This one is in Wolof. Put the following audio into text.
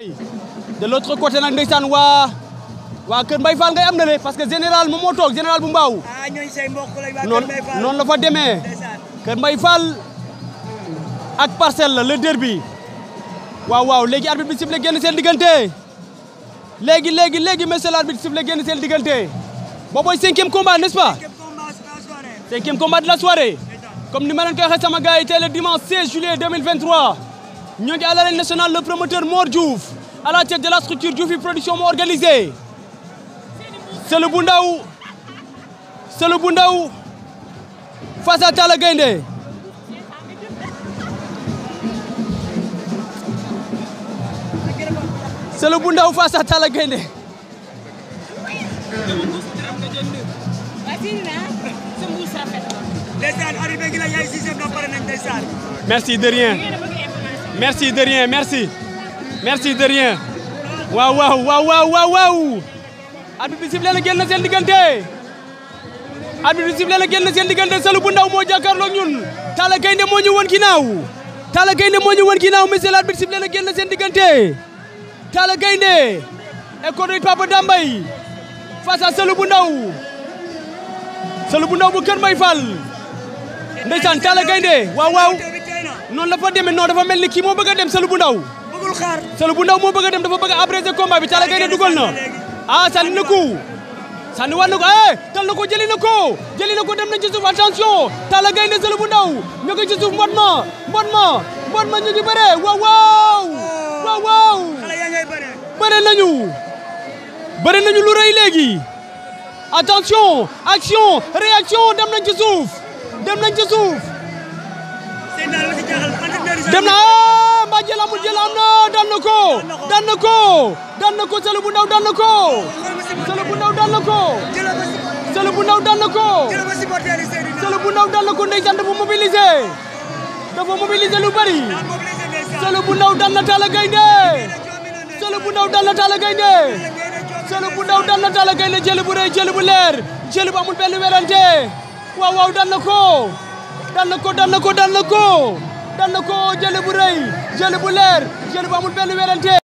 de l' autre côté nag ndeysaan waa waa Kër Mbaye Fall ngay am na parce que général moom moo toog général mbaaw. ah ñooñu say mbokk lay waa Kër Mbaye Fall la fa demee. Kër ak parcelle la le derby waaw waaw léegi arbitre bi sifflé génn seen diggante. léegi léegi léegi monsieur l'arbitre sifflé génn seen diggante. boobooy cinquième combat n'est-ce pas. cinquième combat de la soirée. ni ma leen koy waxee sama yi tey le dimanche 16 juillet 2023. ñoo ngi à l'arène nationale le promoteur Mor Diouf à la de la structure Diouf yi production moo organisé Sele bu ndaw Sele bu ndaw Gaynde Sele bu ndaw face à Gaynde Merci de merci de rien merci merci de rien waaw waaw waaw waaw waaw waaw arbitre bi sifflé na génn seen diggante arbitre bi sifflé na génn seen diggante Salou bu ndaw moo jàkkaarloog ñun Talla Gaindé moo moo ñu won ginnaaw monsieur l'arbitre sifflé na génn seen diggante Talla Gaindé école Papa Dambay face à Salou bu fal ndeysaan Talla Gaindé waaw waaw noonu la fa deme non dafa mel ni kii moo bëgg a dem Sëlu bu ndaw. bëggul xaar Sëlu bu ndaw moo bëgg a dem dafa bëgg a apprécier combat bi Caala Gaynde na ah sànni na ko sànni war na ko eh tal na ko jëli na ko jëli na ko dem nañ ci suuf attention Caala Gaynde Sëlu bu ndaw ñu ngi ci suuf mbot ma mbot ma mbot ma ñu ngi bëree waaw waaw. waaw na xale yaa ngay bëree. bëri nañu bëri nañu lu rëy dem nañ ci suuf dem nañ ci dem na mbaa jël amul jël am na daan na ko daan na ko daan na ko sële bu ndaw daan na ko sële bu ndaw daan na ko sële bu ndaw daan na ko sële bu ndaw daan na ko ndeysaan dafa mobilisé dafa mobilisé lu bari sële bu ndaw daan na Talla Gaindé sële bu ndaw daan na Talla Gaindé sële bu ndaw daan na Talla Gaindé jël bu rëy jël bu leer jël bu amul benn werante waaw waaw daan na ko daan na ko daan na ko daan na ko dan na ko jël bu rëy jël bu leer jël bu amul benn werante